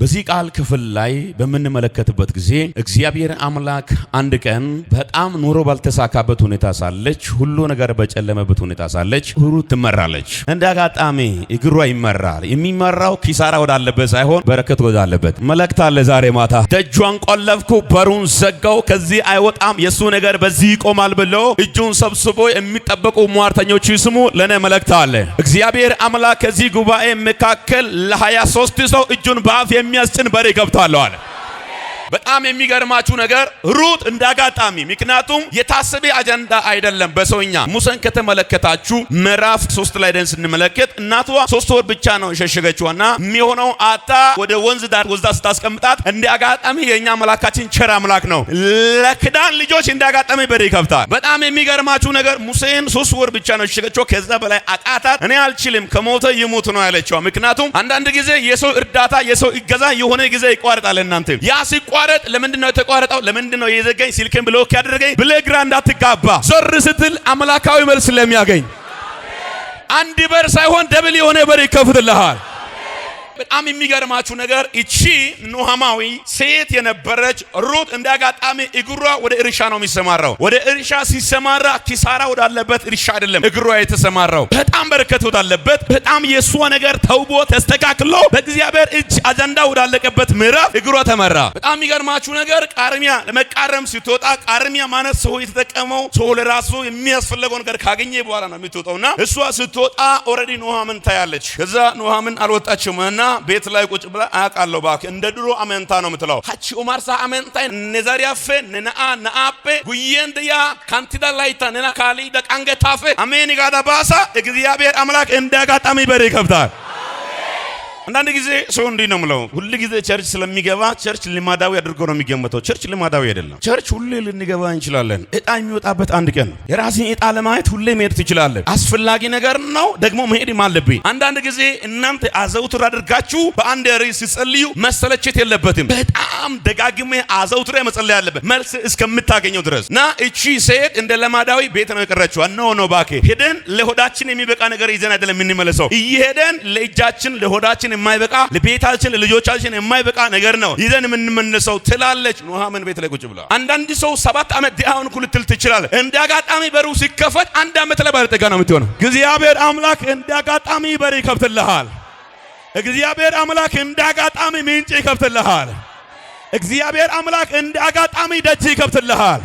በዚህ ቃል ክፍል ላይ በምንመለከትበት ጊዜ እግዚአብሔር አምላክ አንድ ቀን በጣም ኑሮ ባልተሳካበት ሁኔታ ሳለች፣ ሁሉ ነገር በጨለመበት ሁኔታ ሳለች ሩት ትመራለች። እንደ አጋጣሚ እግሯ ይመራል። የሚመራው ኪሳራ ወዳለበት ሳይሆን በረከት ወዳለበት። መልእክት አለ ዛሬ ማታ። ደጇን ቆለፍኩ፣ በሩን ዘጋው፣ ከዚህ አይወጣም፣ የእሱ ነገር በዚህ ይቆማል ብሎ እጁን ሰብስቦ የሚጠበቁ ሟርተኞች ስሙ። ለእኔ መልእክት አለ። እግዚአብሔር አምላክ ከዚህ ጉባኤ መካከል ለ23 ሰው እጁን በአፍ የሚያስጭን በሬ ገብቷለሁ አለ። በጣም የሚገርማችሁ ነገር ሩት እንዳጋጣሚ ምክንያቱም የታሰበ አጀንዳ አይደለም። በሰውኛ ሙሴን ከተመለከታችሁ ምዕራፍ ሶስት ላይ ደን ስንመለከት እናቷ ሶስት ወር ብቻ ነው የሸሸገችዋና የሚሆነው አታ ወደ ወንዝ ዳር ወስዳ ስታስቀምጣት እንደ አጋጣሚ የእኛ ቸራ ቸር አምላክ ነው። ለክዳን ልጆች እንደ አጋጣሚ በሬ ይከብታል። በጣም የሚገርማችሁ ነገር ሙሴን ሶስት ወር ብቻ ነው የሸሸገችው። ከዛ በላይ አቃታት። እኔ አልችልም ከሞተ ይሙት ነው ያለችዋ። ምክንያቱም አንዳንድ ጊዜ የሰው እርዳታ የሰው እገዛ የሆነ ጊዜ ይቋርጣል። እናንተ ያ ሲቋረጥ ለምንድን ነው የተቋረጠው? ለምንድን ነው የዘጋኝ? ሲልክን ብሎክ ያደረገኝ ብለህ ግራ እንዳትጋባ ዞር ስትል አምላካዊ መልስ ስለሚያገኝ አንድ በር ሳይሆን ደብል የሆነ በር ይከፍትልሃል። በጣም የሚገርማችሁ ነገር እቺ ኑሃማዊ ሴት የነበረች ሩት እንደ አጋጣሚ እግሯ ወደ እርሻ ነው የሚሰማራው። ወደ እርሻ ሲሰማራ ኪሳራ ወዳለበት እርሻ አይደለም እግሯ የተሰማራው፣ በጣም በረከት ወዳለበት፣ በጣም የእሷ ነገር ተውቦ ተስተካክሎ በእግዚአብሔር እጅ አጀንዳ ወዳለቀበት ምዕራፍ እግሯ ተመራ። በጣም የሚገርማችሁ ነገር ቃርሚያ ለመቃረም ስትወጣ ቃርሚያ ማለት ሰው የተጠቀመው ሰው ለራሱ የሚያስፈልገው ነገር ካገኘ በኋላ ነው የምትወጣውና እሷ ስትወጣ ኦልሬዲ ኑሃምን ታያለች። ከዛ ኑሃምን አልወጣችም እና ቤት ላይ ቁጭ ብላ አያቃለሁ ባክ እንደ ድሮ አመንታ ነው ምትለው ሀቺ ኡማርሳ አመንታ ነዘሪያፌ ነና ናአፔ ጉየንድያ ካንቲዳ ላይታ ነና ካሊ ደቃንገታፌ አሜን ጋዳ ባሳ እግዚአብሔር አምላክ እንደ አጋጣሚ በር ይከብታል። አንዳንድ ጊዜ ሰው እንዲህ ነው ምለው፣ ሁል ጊዜ ቸርች ስለሚገባ ቸርች ልማዳዊ አድርጎ ነው የሚገመተው። ቸርች ልማዳዊ አይደለም። ቸርች ሁሌ ልንገባ እንችላለን። እጣ የሚወጣበት አንድ ቀን ነው። የራስን እጣ ለማየት ሁሌ መሄድ ትችላለን። አስፈላጊ ነገር ነው ደግሞ መሄድም አለብኝ። አንዳንድ ጊዜ እናንተ አዘውትር አድርጋችሁ በአንድ ርዕስ ሲጸልዩ መሰለቸት የለበትም። በጣም ደጋግሜ አዘውትሬ መጸለይ አለበት መልስ እስከምታገኘው ድረስ እና እቺ ሴት እንደ ለማዳዊ ቤት ነው የቀረችው። አነሆ ነው ባኬ ሄደን ለሆዳችን የሚበቃ ነገር ይዘን አይደለም የምንመለሰው። እየሄደን ለእጃችን ለሆዳችን የማይበቃ ለቤታችን ለልጆቻችን የማይበቃ ነገር ነው ይዘን የምንመነሰው ትላለች። ኑሃሚን ቤት ላይ ቁጭ ብላ አንዳንድ ሰው ሰባት ዓመት ድሃ ሆንኩ ልትል እንደ አጋጣሚ በሩ ሲከፈት አንድ ዓመት ላይ ባለጠጋ ነው የምትሆነው። እግዚአብሔር አምላክ እንደ አጋጣሚ በር ይከፍትልሃል። እግዚአብሔር አምላክ እንደ አጋጣሚ ምንጭ ይከፍትልሃል። እግዚአብሔር አምላክ እንደ አጋጣሚ ደጅ ይከፍትልሃል።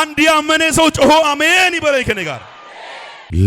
አንድ ያመነ ሰው ጮሆ አሜን ይበለኝ ከኔ ጋር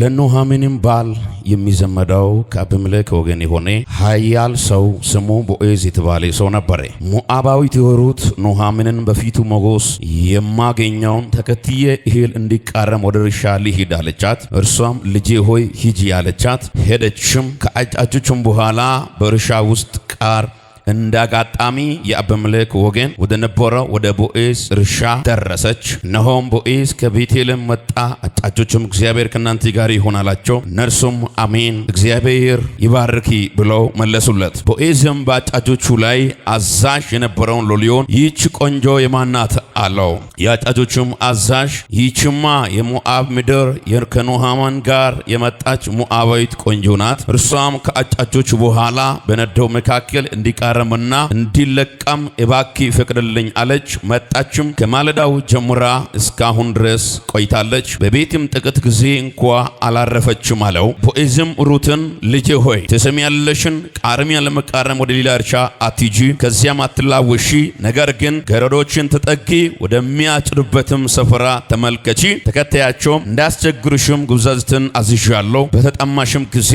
ለኑኃሚንም ባል የሚዘመደው ከአቢሜሌክ ወገን የሆነ ኃያል ሰው ስሙ ቦኤዝ የተባለ ሰው ነበረ። ሞዓባዊት የሆሩት ኑኃሚንን በፊቱ ሞገስ የማገኘውን ተከትዬ እህል እንዲቃረም ወደ እርሻ ልሂድ አለቻት። እርሷም ልጄ ሆይ ሂጂ አለቻት። ሄደችም። ከአጫጭችም በኋላ በእርሻ ውስጥ ቃር እንደ አጋጣሚ የአብምልክ ወገን ወደ ነበረው ወደ ቦኤስ እርሻ ደረሰች። እነሆም ቦኤስ ከቤቴልም መጣ አጫጆችም እግዚአብሔር ከእናንተ ጋር ይሆናላቸው አላቸው። እነርሱም አሜን እግዚአብሔር ይባርኪ ብለው መለሱለት። ቦኤዝም በአጫጆቹ ላይ አዛዥ የነበረውን ሎሊዮን ይህች ቆንጆ የማናት አለው። የአጫጆቹም አዛዥ ይህችማ የሞአብ ምድር ከኑሃማን ጋር የመጣች ሞዓባዊት ቆንጆ ናት። እርሷም ከአጫጆች በኋላ በነደው መካከል እንዲቃ እንዲታረምና እንዲለቃም እባኪ ፍቅድልኝ አለች። መጣችም ከማለዳው ጀምራ እስካሁን ድረስ ቆይታለች። በቤትም ጥቂት ጊዜ እንኳ አላረፈችም አለው። ቦኤዝም ሩትን ልጄ ሆይ ትሰሚያለሽን? ቃርሚያን ለመቃረም ወደ ሌላ እርሻ አትጂ፣ ከዚያም አትላወሺ። ነገር ግን ገረዶችን ተጠጊ፣ ወደሚያጭዱበትም ስፍራ ተመልከቺ፣ ተከታያቸውም እንዳያስቸግርሽም ጉብዛዝትን አዝዣለሁ። በተጠማሽም ጊዜ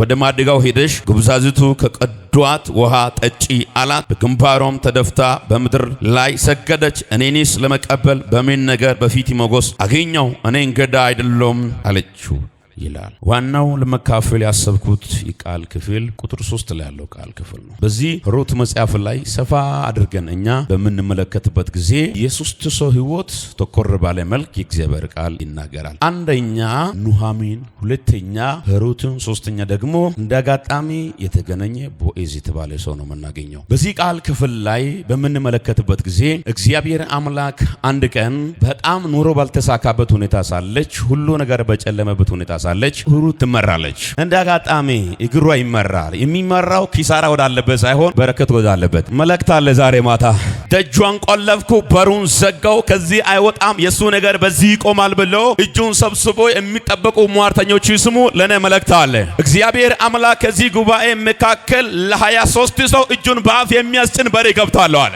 ወደ ማድጋው ሄደሽ ጉብዛዝቱ ከቀዱ ወስዷት ውሃ ጠጪ አላት። በግንባሯም ተደፍታ በምድር ላይ ሰገደች። እኔኒስ ለመቀበል በምን ነገር በፊት ሞገስ አገኘው? እኔ እንግዳ አይደለም አለችው። ይላል። ዋናው ለመካፈል ያሰብኩት ቃል ክፍል ቁጥር ሶስት ላይ ያለው ቃል ክፍል ነው። በዚህ ሩት መጽሐፍ ላይ ሰፋ አድርገን እኛ በምንመለከትበት ጊዜ የሶስት ሰው ህይወት ተኮር ባለ መልክ የእግዚአብሔር ቃል ይናገራል። አንደኛ ኑሃሚን፣ ሁለተኛ ሩትን፣ ሶስተኛ ደግሞ እንደ አጋጣሚ የተገናኘ ቦኤዝ የተባለ ሰው ነው የምናገኘው። በዚህ ቃል ክፍል ላይ በምንመለከትበት ጊዜ እግዚአብሔር አምላክ አንድ ቀን በጣም ኑሮ ባልተሳካበት ሁኔታ ሳለች፣ ሁሉ ነገር በጨለመበት ሁኔታ ትነሳለች፣ ሩት ትመራለች። እንደ አጋጣሚ እግሯ ይመራል። የሚመራው ኪሳራ ወዳለበት ሳይሆን በረከት ወዳለበት መልእክት አለ ዛሬ ማታ። ደጇን ቆለፍኩ፣ በሩን ዘጋው፣ ከዚህ አይወጣም፣ የእሱ ነገር በዚህ ይቆማል ብሎ እጁን ሰብስቦ የሚጠበቁ ሟርተኞች ስሙ። ለእኔ መልእክት አለ። እግዚአብሔር አምላክ ከዚህ ጉባኤ መካከል ለ23 ሰው እጁን በአፍ የሚያስጭን በሬ ገብታለሁ አለ።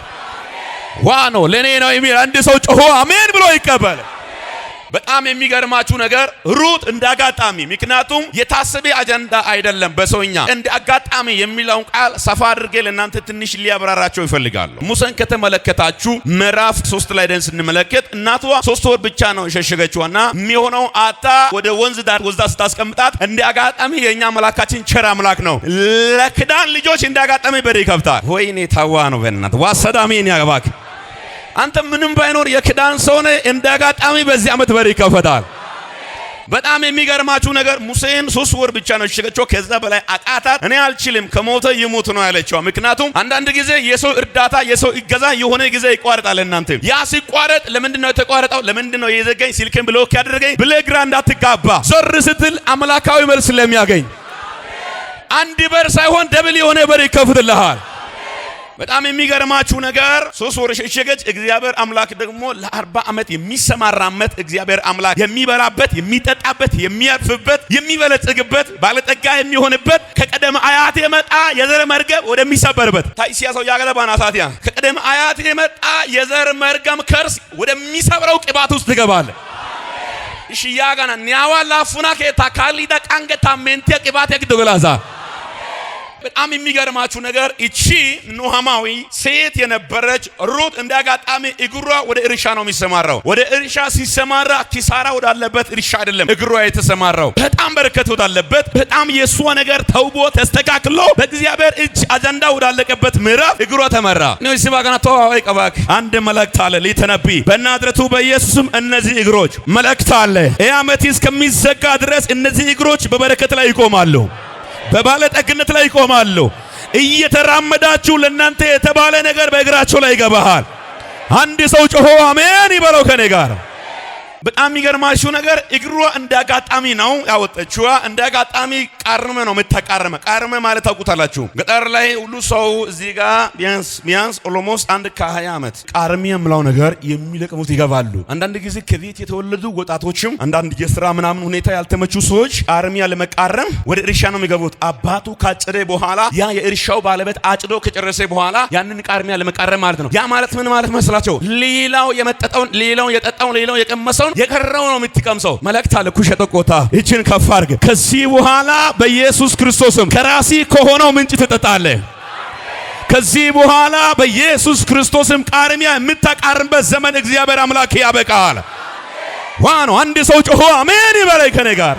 ዋ ነው ለእኔ ነው የሚል አንድ ሰው ጮሆ አሜን ብሎ ይቀበል። በጣም የሚገርማችሁ ነገር ሩት እንደ አጋጣሚ፣ ምክንያቱም የታሰበ አጀንዳ አይደለም። በሰውኛ እንደ አጋጣሚ የሚለውን ቃል ሰፋ አድርጌ ለእናንተ ትንሽ ሊያብራራቸው ይፈልጋሉ። ሙሴን ከተመለከታችሁ ምዕራፍ ሶስት ላይ ደን ስንመለከት እናቷ ሶስት ወር ብቻ ነው የሸሸገችዋና የሚሆነው አታ ወደ ወንዝ ዳር ወስዳ ስታስቀምጣት እንደ አጋጣሚ የእኛ አምላካችን ቸር አምላክ ነው። ለክዳን ልጆች እንደ አጋጣሚ በሬ ይከብታል። ወይኔ ታዋ ነው በእናት ዋሰዳሜን ያባክ አንተ ምንም ባይኖር የክዳን ሰው ነህ። እንደ አጋጣሚ በዚህ ዓመት በር ይከፈታል። በጣም የሚገርማችሁ ነገር ሙሴን ሶስት ወር ብቻ ነው የሸሸገችው። ከዛ በላይ አቃታት። እኔ አልችልም ከሞተ ይሞት ነው ያለችው። ምክንያቱም አንዳንድ ጊዜ የሰው እርዳታ የሰው ይገዛ የሆነ ጊዜ ይቋረጣል። እናንተ ያ ሲቋረጥ ለምንድን ነው የተቋረጠው? ለምንድን ነው የዘገኝ? ስልክን ብሎክ ያደረገኝ ብለህ ግራ እንዳትጋባ ዞር ስትል አምላካዊ መልስ ስለሚያገኝ አንድ በር ሳይሆን ደብል የሆነ በር ይከፍትልሃል። በጣም የሚገርማችሁ ነገር ሶስት ወር ሸሸገች። እግዚአብሔር አምላክ ደግሞ ለአርባ ዓመት የሚሰማራመት እግዚአብሔር አምላክ የሚበላበት፣ የሚጠጣበት፣ የሚያርፍበት፣ የሚበለጽግበት፣ ባለጠጋ የሚሆንበት ከቀደም አያት የመጣ የዘር መርገም ወደሚሰበርበት ሰው ያገለባና ሳቲያ ከቀደም አያት የመጣ የዘር መርገም ከርስ ወደሚሰብረው ቅባት ውስጥ ትገባለ። እሺ ያጋና ኒያዋ ላፉና ከታ ካሊዳ ቃንገታ ሜንቲያ ቅባት ያግደገላዛ በጣም የሚገርማችሁ ነገር እቺ ኑሃማዊ ሴት የነበረች ሩት እንደ አጋጣሚ እግሯ ወደ እርሻ ነው የሚሰማራው። ወደ እርሻ ሲሰማራ ኪሳራ ወዳለበት እርሻ አይደለም እግሯ የተሰማራው፣ በጣም በረከት ወዳለበት፣ በጣም የእሷ ነገር ተውቦ ተስተካክሎ በእግዚአብሔር እጅ አጀንዳ ወዳለቀበት ምዕራፍ እግሯ ተመራ። ስባ ጋና ተዋዋይ ቀባክ አንድ መልእክት አለ ሊተነብይ በናዝሬቱ በኢየሱስም እነዚህ እግሮች መልእክት አለ ይህ ዓመት እስከሚዘጋ ድረስ እነዚህ እግሮች በበረከት ላይ ይቆማሉ። በባለጠግነት ላይ ይቆማሉ። እየተራመዳችሁ ለእናንተ የተባለ ነገር በእግራችሁ ላይ ይገባሃል። አንድ ሰው ጮሆ አሜን ይበለው ከኔ ጋር በጣም የሚገርማችሁ ነገር እግሯ እንደ አጋጣሚ ነው ያወጠችዋ። እንደ አጋጣሚ ቃርመ ነው የምታቃርመ። ቃርመ ማለት ታውቁታላችሁ። ገጠር ላይ ሁሉ ሰው እዚህ ጋር ቢያንስ ቢያንስ ኦሎሞስ አንድ ከ20 ዓመት ቃርሚ የምለው ነገር የሚለቅሙት ይገባሉ። አንዳንድ ጊዜ ከቤት የተወለዱ ወጣቶችም አንዳንድ የስራ ምናምን ሁኔታ ያልተመቹ ሰዎች ቃርሚያ ለመቃረም ወደ እርሻ ነው የሚገቡት። አባቱ ካጭደ በኋላ ያ የእርሻው ባለቤት አጭዶ ከጨረሰ በኋላ ያንን ቃርሚያ ለመቃረም ማለት ነው። ያ ማለት ምን ማለት መስላቸው? ሌላው የመጠጠውን ሌላው የጠጣውን ሌላው የቀመሰው? ሳይሆን የቀረው ነው የምትቀምሰው። መልእክት አለ ኩሸጠ ቆታ ይችን ከፍ አድርግ። ከዚህ በኋላ በኢየሱስ ክርስቶስም ከራሲ ከሆነው ምንጭ ትጠጣለ። ከዚህ በኋላ በኢየሱስ ክርስቶስም ቃርሚያ የምታቃርንበት ዘመን እግዚአብሔር አምላክ ያበቃል። ዋ ነው አንድ ሰው ጮሆ አሜን ይበላይ ከኔ ጋር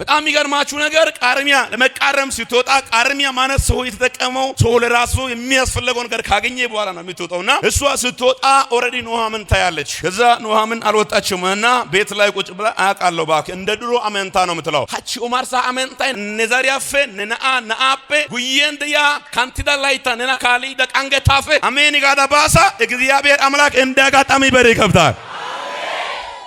በጣም የሚገርማችሁ ነገር ቃርሚያ ለመቃረም ስትወጣ ቃርሚያ ማለት ሰው የተጠቀመው ሰው ለራሱ የሚያስፈልገው ነገር ካገኘ በኋላ ነው የምትወጣውና እሷ ስትወጣ ኦልሬዲ ኑሃምን ታያለች። ከዛ ኑሃምን አልወጣችም እና ቤት ላይ ቁጭ ብላ አያውቃለሁ ባክ እንደ ድሮ አመንታ ነው የምትለው ሀቺ ኦማርሳ አመንታይ ነዛሪያፌ ነነአ ነአፔ ጉየንድያ ካንቲዳ ላይታ ነና ካሊ ደቃንገታፌ አሜን ጋዳ ባሳ እግዚአብሔር አምላክ እንደ አጋጣሚ በር ይከብታል።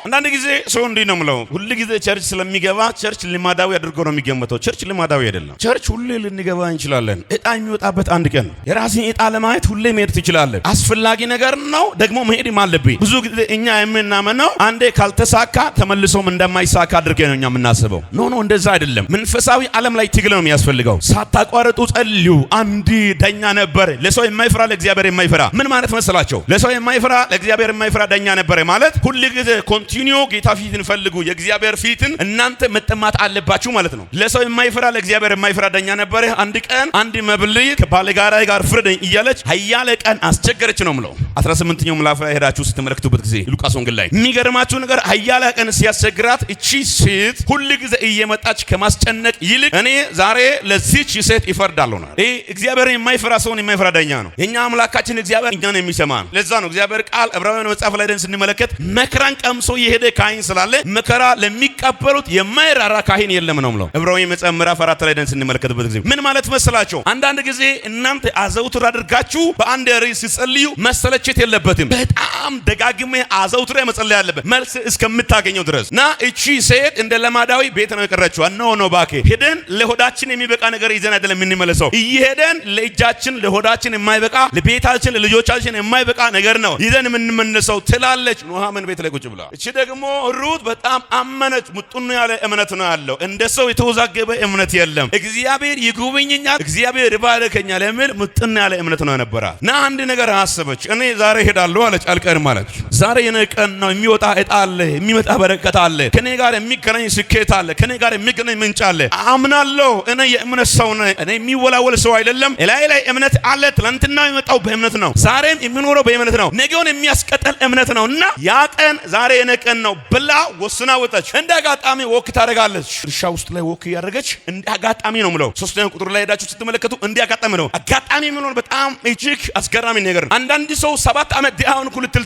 አንዳንድ ጊዜ ሰው እንዲህ ነው የምለው፣ ሁል ጊዜ ቸርች ስለሚገባ ቸርች ልማዳዊ አድርጎ ነው የሚገመተው። ቸርች ልማዳዊ አይደለም። ቸርች ሁሌ ልንገባ እንችላለን። እጣ የሚወጣበት አንድ ቀን ነው። የራስን እጣ ለማየት ሁሌ መሄድ ትችላለን። አስፈላጊ ነገር ነው ደግሞ መሄድም አለብኝ። ብዙ ጊዜ እኛ የምናመነው አንዴ ካልተሳካ ተመልሶም እንደማይሳካ አድርገ ነው እኛ የምናስበው። ኖ ኖ፣ እንደዛ አይደለም። መንፈሳዊ ዓለም ላይ ትግል ነው የሚያስፈልገው። ሳታቋረጡ ጸልዩ። አንድ ደኛ ነበር፣ ለሰው የማይፈራ ለእግዚአብሔር የማይፈራ ምን ማለት መሰላቸው? ለሰው የማይፈራ ለእግዚአብሔር የማይፈራ ደኛ ነበር ማለት ሁል ጊዜ ኮንቲኒዮ ጌታ ፊትን ፈልጉ፣ የእግዚአብሔር ፊትን እናንተ መጠማት አለባችሁ ማለት ነው። ለሰው የማይፈራ ለእግዚአብሔር የማይፈራ ዳኛ ነበረ። አንድ ቀን አንድ መብልይ ከባለጋራዬ ጋር ፍረደኝ እያለች ኃያለ ቀን አስቸገረች ነው ምለው 18ኛው ምዕራፍ ላይ ሄዳችሁ ስትመለከቱበት ጊዜ ሉቃስ ወንጌል ላይ የሚገርማችሁ ነገር ኃያለ ቀን ሲያስቸግራት እቺ ሴት ሁል ጊዜ እየመጣች ከማስጨነቅ ይልቅ እኔ ዛሬ ለዚች ሴት ይፈርዳለሁ ነው። ይህ እግዚአብሔርን የማይፈራ ሰውን የማይፈራ ዳኛ ነው። የእኛ አምላካችን እግዚአብሔር እኛን የሚሰማ ነው። ለዛ ነው እግዚአብሔር ቃል ዕብራውያን መጽሐፍ ላይ ደን ስንመለከት መከራን ቀምሶ የሄደ ካህን ስላለ መከራ ለሚቀበሉት የማይራራ ካህን የለም ነው ምለው ዕብራዊ መጽሐፍ ምዕራፍ አራት ላይ ደን ስንመለከትበት ጊዜ ምን ማለት መሰላቸው? አንዳንድ ጊዜ እናንተ አዘውትር አድርጋችሁ በአንድ ርዕስ ሲጸልዩ መሰለቸት የለበትም። በጣም ደጋግሜ አዘውትሮ መጸለይ ያለበት መልስ እስከምታገኘው ድረስ ና እቺ ሴት እንደ ለማዳዊ ቤት ነው የቀረችው። ኖ ኖ ባኬ ሄደን ለሆዳችን የሚበቃ ነገር ይዘን አይደለም የምንመለሰው። እየሄደን ለእጃችን ለሆዳችን የማይበቃ ለቤታችን ለልጆቻችን የማይበቃ ነገር ነው ይዘን የምንመለሰው ትላለች። ምን ቤት ላይ ቁጭ ብላ እቺ ደግሞ ሩት በጣም አመነች። ሙጥኑ ያለ እምነት ነው ያለው። እንደ ሰው የተወዛገበ እምነት የለም። እግዚአብሔር ይጎበኘኛል፣ እግዚአብሔር ይባርከኛል የሚል ሙጥኑ ያለ እምነት ነው የነበራት ና አንድ ነገር አሰበች። እኔ ዛሬ ሄዳለሁ አለች፣ አልቀርም አለች። ዛሬ የኔ ቀን ነው። የሚወጣ እጣ አለ፣ የሚመጣ በረከት አለ፣ ከኔ ጋር የሚገናኝ ስኬት አለ፣ ከኔ ጋር የሚገናኝ ምንጭ አለ። አምናለሁ። እኔ የእምነት ሰው ነኝ። እኔ የሚወላወል ሰው አይደለም። ላይ ላይ እምነት አለ። ትላንትና የመጣው በእምነት ነው፣ ዛሬም የሚኖረው በእምነት ነው፣ ነገውን የሚያስቀጥል እምነት ነው እና ያ ቀን ዛሬ ቀን ነው ብላ ወስና ወጣች። እንደ አጋጣሚ ወክ ታደርጋለች። እርሻ ውስጥ ላይ ወክ እያደረገች እንደ አጋጣሚ ነው ምለው። ሶስተኛ ቁጥር ላይ ሄዳችሁ ስትመለከቱ እንደ አጋጣሚ ነው። አጋጣሚ የሚሆን በጣም እጅግ አስገራሚ ነገር ነው። አንዳንድ ሰው ሰባት ዓመት ዲያውን እኮ ልትል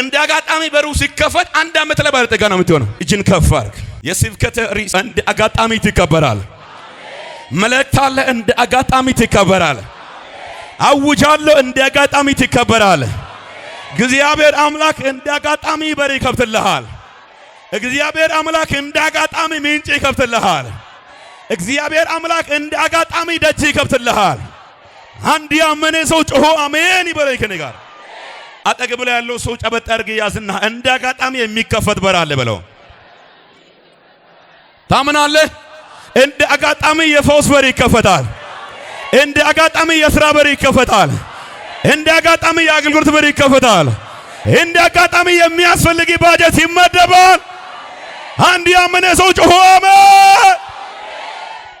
እንደ አጋጣሚ በሩ ሲከፈት አንድ ዓመት ላይ ባለጠጋ ነው የምትሆነው። እጅን ከፍ አድርግ። የስብከት ርዕስ እንደ አጋጣሚ ትከበራል። መለክታለ እንደ አጋጣሚ ትከበራል። አውጃለሁ እንደ አጋጣሚ ትከበራል። እግዚአብሔር አምላክ እንዳጋጣሚ በር ይከፍትልሃል። እግዚአብሔር አምላክ እንዳጋጣሚ ምንጭ ይከፍትልሃል። እግዚአብሔር አምላክ እንዳጋጣሚ ደጅ ይከፍትልሃል። አንድ ያመነ ሰው ጮሆ አሜን ይበለኝ። ከኔ ጋር አጠገብ ላይ ያለው ሰው ጨበጥ አድርግ ያዝና እንዳጋጣሚ የሚከፈት በር አለ በለው። ታምናለህ? እንደ አጋጣሚ የፈውስ በር ይከፈታል። እንደ አጋጣሚ የስራ በር ይከፈታል። እንደ አጋጣሚ የአገልግሎት በር ይከፈታል። እንደ አጋጣሚ የሚያስፈልግ ባጀት ይመደባል። አንድ ያመነ ሰው ጮሆ አሜን።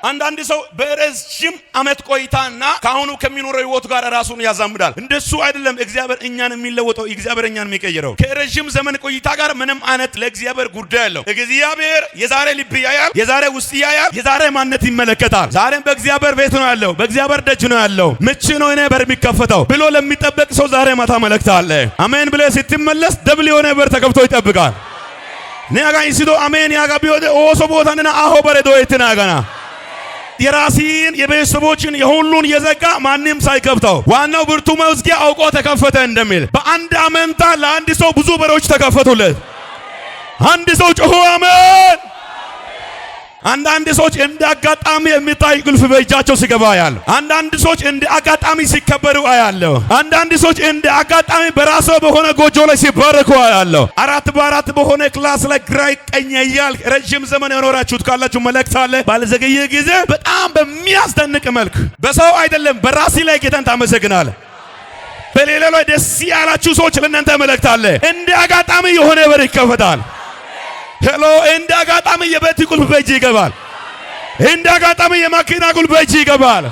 አንዳንድ ሰው በረዥም ዓመት ቆይታና ከአሁኑ ከሚኖረው ህይወት ጋር ራሱን ያዛምዳል። እንደሱ አይደለም። እግዚአብሔር እኛን የሚለወጠው እግዚአብሔር እኛን የሚቀይረው ከረዥም ዘመን ቆይታ ጋር ምንም አይነት ለእግዚአብሔር ጉዳይ አለው። እግዚአብሔር የዛሬ ልብ ያያል፣ የዛሬ ውስጥ ያያል፣ የዛሬ ማንነት ይመለከታል። ዛሬም በእግዚአብሔር ቤት ነው ያለው፣ በእግዚአብሔር ደጅ ነው ያለው። ምች ነው እኔ በር የሚከፈተው ብሎ ለሚጠበቅ ሰው ዛሬ ማታ መልእክት አለ። አሜን ብለ ስትመለስ ደብል የሆነ በር ተከፍቶ ይጠብቃል። ኔ ኢንሲዶ አሜን ያጋ ቢወደ ኦሶ ቦታ አሆ በረዶ የትናጋና የራሴን የቤተሰቦችን የሁሉን የዘጋ ማንም ሳይከፍተው ዋናው ብርቱ መዝጊያ አውቆ ተከፈተ እንደሚል በአንድ አመንታ ለአንድ ሰው ብዙ በሮች ተከፈቱለት። አንድ ሰው ጮሆ አመን አንዳንድ ሰዎች እንደ አጋጣሚ የሚታይ ቁልፍ በእጃቸው ሲገባ አያለሁ። አንዳንድ ሰዎች እንደ አጋጣሚ ሲከበሩ አያለሁ። አንዳንድ ሰዎች እንደ አጋጣሚ በራሱ በሆነ ጎጆ ላይ ሲባረኩ አያለሁ። አራት በአራት በሆነ ክላስ ላይ ግራ ቀኝ እያልክ ረጅም ዘመን የኖራችሁት ካላችሁ መልእክት አለ። ባልዘገየ ጊዜ በጣም በሚያስደንቅ መልክ በሰው አይደለም በራሴ ላይ ጌታን ታመሰግናለ። በሌላ ላይ ደስ ያላችሁ ሰዎች ለእናንተ መልእክት አለ። እንደ አጋጣሚ የሆነ በር ይከፈታል። ሄሎ እንደ አጋጣሚ የቤት ቁልፍ በእጅ ይገባል። እንደ አጋጣሚ የማኪና ቁልፍ በእጅ ይገባል።